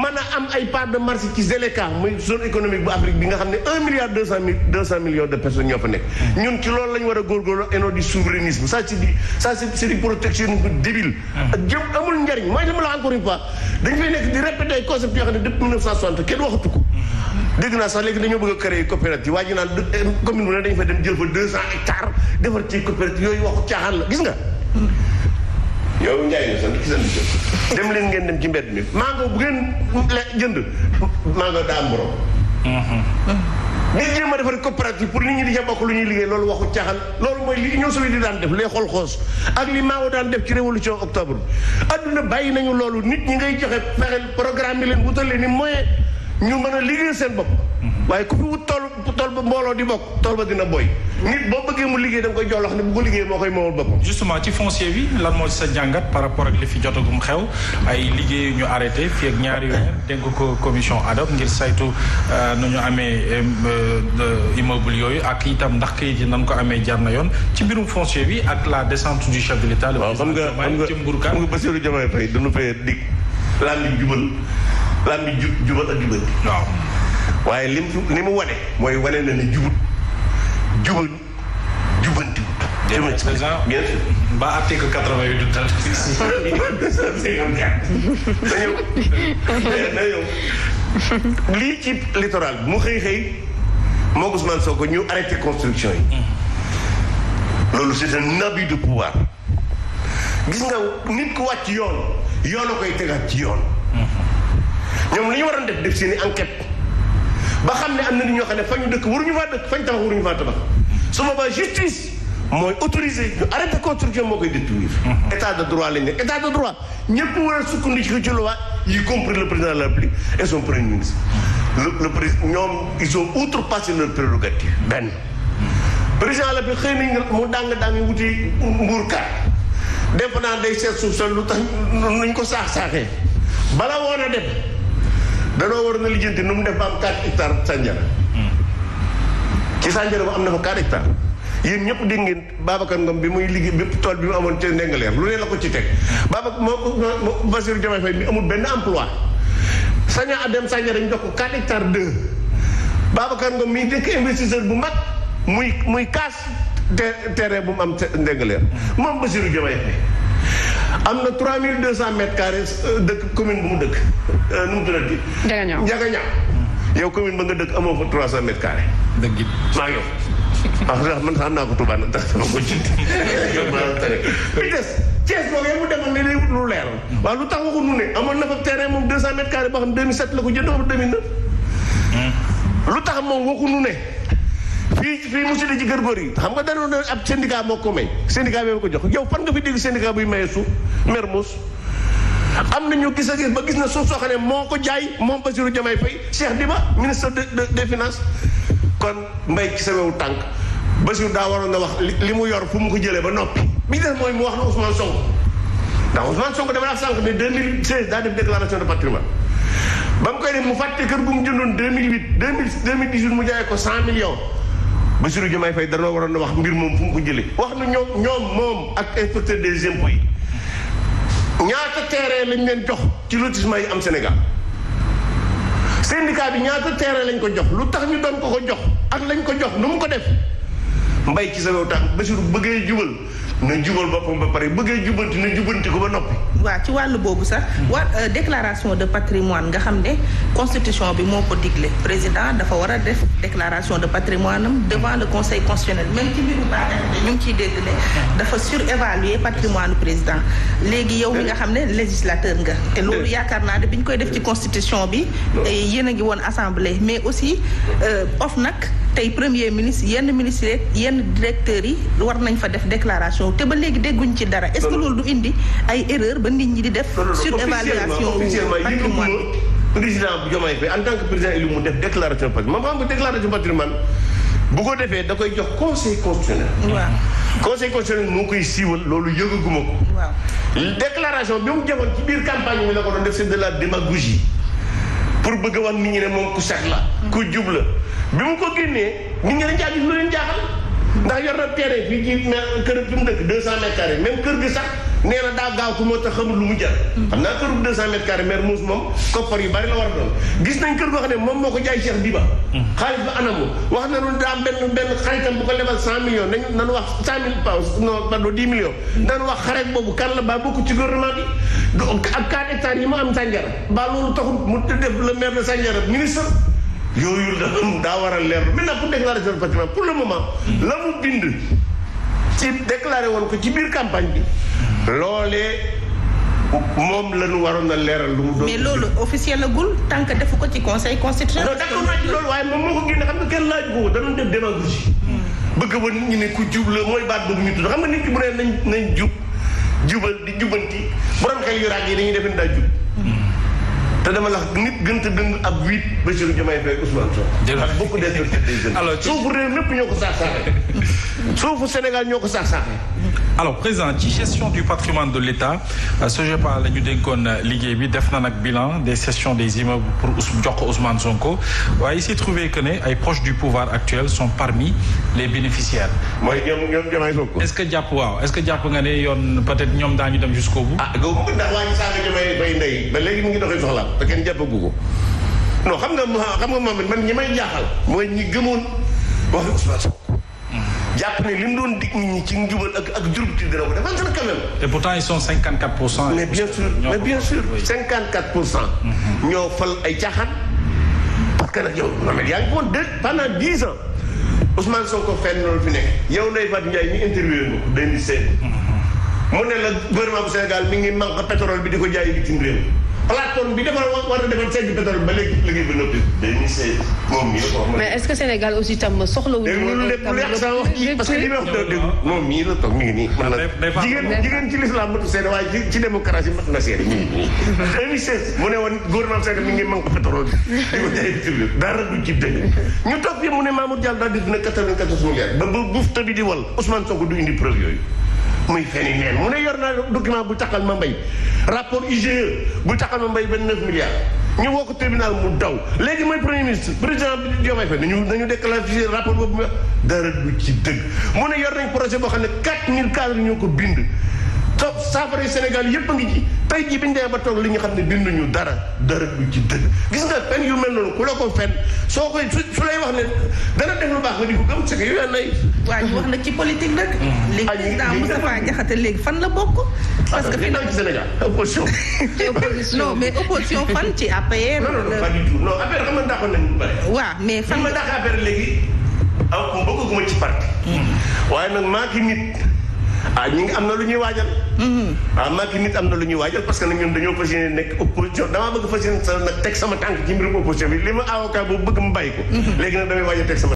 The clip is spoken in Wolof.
mën a am ay part de marché ci ZLECA muy zone économique bu Afrique bi nga xam ne un milliard deux cent mille de personnes ñoo fa nekk. ñun ci loolu la war a góorgóorlu et non du souverainisme ça c'est du ça c'est du protectionnisme débile. Ah. jëm amul njariñ mooy li ma la encore une fois dañu fay nekk di répéter ay concepts xam ne depuis 1960 kenn waxatu ko. dégg naa sax léegi dañoo bëgg a créer coopérative waa ji naan eh, commune bu ne dañu fa dem yow Ndiaye nga sant ki sant Diop. dem leen ngeen dem ci mbedd mi mango bu ngeen jënd mango daa am borom. Mm-hmm. nit jéem a defar coopérative pour nit ñi di ca bokk lu ñuy liggéey loolu waxu caaxaan loolu mooy li Union soviétique di daan def les xool xoos ak li Mao daan def ci révolution octobre adduna bàyyi nañu loolu nit ñi ngay joxe fexeel programme yi leen wutale ni moyen ñu mën a liggéey seen bopp. waaye ku fi wut tool tol ba mbooloo di bokk tool ba dina boy nit boo bëggee mu liggéey da nga koy jox loo xam ne bu ko liggéey moo koy moomal boppam. justement ci foncier bi lan moo sa jàngat par rapport ak li fi jotagum xew ay liggéey yu ñu arrêté fii ak ñaari weer dénk ko commission ADHOC ngir saytu euh, nu ñu amee euh, immeuble yooyu ak itam ndax kayit yi nan ko amee jar yoon ci mbirum foncier bi ak la descente du chef de l'État. waaw xam nga xam nga xam nga Bassirou Diomaye Faye dañu fee dig. laam bi jubal laam bi jubal ak jubal. waaw. waaye lim li mu wane mooy wane na ni jubut jubal jubantiwut. jubantiwut président bien sûr. ba article quatre-vingt-huit du traité. na yow na yow lii ci littoral bi mu xëy xëy moo Ousmane Sonko ñu arrêté construction yi. Mm. loolu c'est un abus de pouvoir. gis nga nit ku wàcc yoon yoon a koy tegaat ci yoon. Mm-hmm. ñoom li ñu waroon def def seeni enquête. ba xam ne am na nit ñoo xam ne fa ñu dëkk waruñu faa dëkk fañ tabax waruñu faa tabax su boobaa justice mooy autorisé ñu arrêté construction moo koy détruire mhm. état de droit lañ ne état de droit ñëpp war a sukkandiku ci loi y compris le président de la République et son premier ministre le président ñoom ils ont outrepassé leur prérogative benn président la bi xëy nañ mu dàng dàng wuti def naa day seet suuf sa lu tax nañ ko saax-saaxee bala woon a dem danoo war na lijjanti nu mu def ba am 4 hectares sànjara ci sànjara ba am na fa 4 hectares yéen ñëpp dégg ngeen Babacar Ngom bi muy liggéey bépp tool bi mu amoon ca Ndengaleer lu ne ko ci teg Babacar moo Bassirou Diomaye Faye mi amul benn emploi saña adem sànjara ñu jox ko 4 hectares 2 Babacar Ngom mii dëkk bu mag muy muy kaas terrain bu mu am ca Ndengaleer moom Bassirou Diomaye Faye am na 3200 mètres carrés euh, dëkk commune bu mu dëkk euh, nu mu tuddati. Njagañaaw Njagañaaw. yow commune ba nga dëkk amoon fa 300 mètres carrés. dëgg it maa ngi yow. Ah, am naa ko Touba nag tax sama ko jiite. yow maa mu demoon ne day wut lu leer la. waaw lu tax waxul nu ne amoon na fa terrain moom 200 mètres carrés boo xam ne 2007 la ko jënd wala 2009. lu tax moom waxul nu ne. fii fii mu sudee ci kër góor yi xam nga dañoo ne ab syndicat moo ko may syndicat bi ma ko jox yow fan nga fi dégg syndicat buy maye suuf Mermoz am na ñu gis a gis ba gis na suuf soo xam ne moo ko jaay moom Bassirou Diomaye Faye Cheikh Diba ministre de des finances kon mbay sa wewu tànk Bassirou daa waroon na wax li mu yor fu mu ko jëlee ba noppi bi des wax na Ousmane Sonko ndax Ousmane Sonko dama la ba mu koy def mu fàtte kër gu mu jëndoon 2008 2018 mu jaayee ko 100 millions Bassirou Diomaye Faye danoo waroon na wax mbir moom fu mu ko jëlee wax na ñoom ñoom moom ak inspecteur des impôts yi ñaata terrain lañ leen jox ci lotissement yi am Sénégal syndicat ñaata terrain lañ ko jox lu tax ñu doon ko ko jox ak lañ ko jox nu mu ko def mbay ci sa wew tànk Basiru bëggee jubal na jubal boppam ba pare bëggee jubanti na jubanti ko ba noppi. waaw ci wàllu boobu sax. wa euh, déclaration de patrimoine nga xam ne constitution bi moo ko digle président dafa war a def déclaration de patrimoine am devant le conseil constitutionnel même ci mbiru baaxee ñu ngi ciy dégg ne dafa surévaluer patrimoine président léegi yow mi nga xam ne législateur nga. te loolu yaakaar naa ne bi ñu koy def ci constitution bi. yéen ngi woon assemblée mais aussi euh, of nag tey premier ministre yenn ministre yeeg yenn directeurs yi war nañ fa def déclaration te ba léegi dégguñ ci dara. est loolu du indi ay erreur ba nit ñi di def. surévaluation patrimoine président Diomaye Faye en tant mu def déclaration patrimoine bu ko defee da koy jox conseil constitutionnel. waaw conseil constitutionnel moo koy siiwal loolu yëgaguma ko. waaw déclaration bi mu defoon ci biir campagne bi la ko doon def c'est de la démagogie pour bëgg a wax nit ne moom ku set la. ku jub la bi mu ko génnee nit ñi dañ caa gis lu leen ndax yor na terrain fii ci kër bi mu dëkk 200 mètres carrés même kër gi sax nee na daa gaaw ko moo tax xamul lu mu jar. xam naa kër bu 200 mètres carrés mère moom koppar yu bari a doon. moom moo ko jaay Cheikh Diba. xaalis ba anamu wax na nu daa benn benn xaritam bu ko lebal 100 millions na nañu wax 100 mille pounds non pardon 10 millions. nañu wax xarit boobu kan la ba bokk ci gouvernement bi. ak 4 hectares yi ma am Sandiara ba loolu taxul mu def le maire de Sandiara ministre. yooyu la daa war a leer maintenant pour déclarer seen patrimoine pour le moment la mu bind ci déclaré woon ko ci biir campagne bi loolee moom la ñu waroon a leeral lu mu doon. mais loolu officiel la gul que defu ko ci conseil constitutionnel. non d'accord naa ci loolu xam nga kenn laaj boobu danoon def démagogie. Hmm. bëgg ba nit ñi ne ku jub la mooy baat boobu ñu tudd xam nga nit ki bu ne nañ nañ jub jubal di jubanti borom xel yu raag yi dañuy def daa jub. te dama lax nit gën te gën ab huit Bassirou Diomaye Faye Ousmane Sonko ak beaucoup des jeunes. alors suufu réew mépp ñoo ko saax saaxee suufu Sénégal ñoo ko saax saaxee alors président ci gestion du patrimoine de l'État SOGEPA euh, la ñu dénkoon euh, liggéey bi def na nag bilan des cessions des immeubles pour jox ko Ousmane Sonko waaye il s'est que ne ay proches du pouvoir actuel sont parmi les bénéficiaires. mooy ñoom ñoom est-ce que jàpp waaw est-ce que jàpp nga ne yoon peut-être ñoom daañu dem jusqu'au bout. ah góob ndax waa ñu saaga Diomaye bay ndey ba léegi mu ngi doxee soxlaam te ko non xam nga xam nga moom man ñi may jaaxal mooy ñi gëmoon wax jàpp ne li mu doon dig ñi ci njubal ak ak jurubti dina ko defante la quand même. et pourtant ils sont 54 pour cent. mais bien sûr mais bien sûr mm-hmm. ñoo fal ay caaxaan. parce que nag yow Mohamed yaa ngi ko woon pendant 10 ans Ousmane Sonko fenn loolu fi nekk. yow Ndeye Fatou Ndiaye ñu interviewé ko 2007. Mm-hmm. mu ne la gouvernement bu Sénégal mi ngi manque pétrole bi di ko jaay bitim réew. plateforme bi defal war a defal seen pétrole ba léegi liggéey bi noppi. dañuy seet moom yëpp wax mais est-ce que Sénégal aussi que li ma wax dëgg moom mii la toog mi ngi nii. man la jigéen jigéen ci l'islam matu seen waaye ci ci démocratie mu ngi manque ko jaay tur dara du jib dëgg ñu topp mu ne Mamour Diallo daal di dina 94 milliards. ba ba buuf tabi di wal Ousmane Sonko du indi preuve yooyu muy feni neen mu ne yor naa document bu taxal ma mbay rapport IGE bu taxal ma mbay benn 9 milliards ñu woo ko tribunal mu daw léegi mooy premier ministre président Diomaye Faye nañu nañu déclassifier rapport boobu dara du ci dëgg mu ne yor nañ projet boo xam ne 4000 cadres ñoo ko bind saafara Sénégal yépp a ngi ci tey jii bi ñu ba toog li nga xam ne binduñu dara dara du ci dëgg gis nga fen yu mel noonu ku la ko fen soo koy su su lay wax ne dana def lu baax nga di ko gëm c'est que yow nay waa ñu wax na politique nag mm. léegi président Moustapha Diakhaté léegi fan la bokk parce que ah, fii ci Sénégal opposition non mais opposition fan ci APR non non pas du tout non affaire xam nga dàqoon nañu bari waaw mais fan ma dàq affaire léegi mm. waaye nag maa ki nit ah ñu ngi am na lu ñuy waajal. Mm-hmm. ah Macky nit am na lu ñuy waajal parce que na ñun dañoo fas yéene nekk opposition damaa bëgg fas sa nag teg sama tànk ci mbirum opposition bi li ma avocat bu bëgg mu bàyyi mm-hmm. léegi nag damay waaj a teg sama.